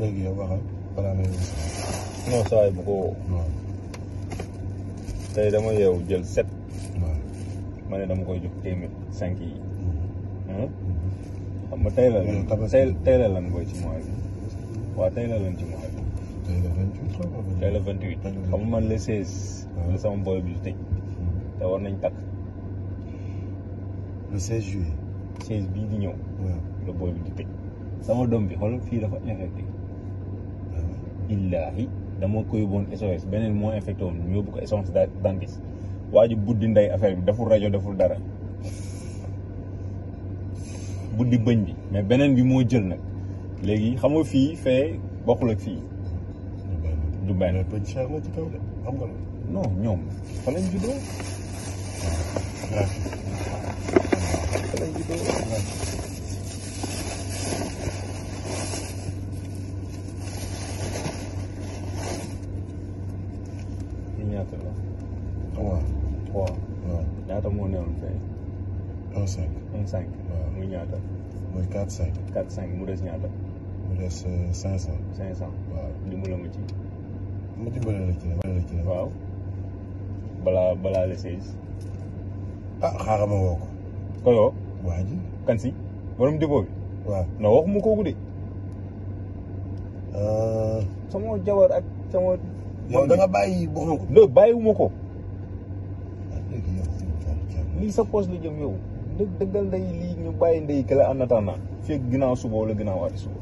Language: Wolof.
léegi yow waxal balaa may wax. non saa yi bu ko. tey dama yeewu jël sept. waaw ne dama koy jóg téeméer cinq yi. Mm-hmm. Mm-hmm. xam nga tey la lan tey la lan booy ci mois waa waaw tey la lan ci mois bi. tey la xam man le seize. la ah. sama boy bi di tëj. Mm-hmm. te war nañ takk. le seize juillet. seize bii di ñëw. waaw la bi di tëj. sama doom bi xool fii dafa infecté. billaahi dama ko yóbboon SOS beneen moo infecté ñu yóbbu ko essence da waa ji buddi ndey affaire bi deful rajo deful dara buddi bëñ bi mais beneen bi moo jël nag léegi xam fii fee bokkul ak fii. du benn ñoom centre la. waaw waaw. waaw ñaata moo newoon fee. un cinq. un cinq. waaw muy ñaata. muy quatre cinq. quatre cinq mu des ñaata. mu des cinq cent. cinq cent. waaw dimbala ma ci. ma dimbala la ci la ci waaw. balaa balaa la seize. ah xaaral ma woo ko. allo. waa ji. kan si. bi. waaw non waxuma kooku de. Ah. sama jabar ak sama. yow da bàyyi bu bàyyiwuma ko. lii sa poche la jëm yow. dë dëggal day lii ñu bàyyi ndey kala en attendant. fekk ginnaaw suba wala ginnaaw waati suba.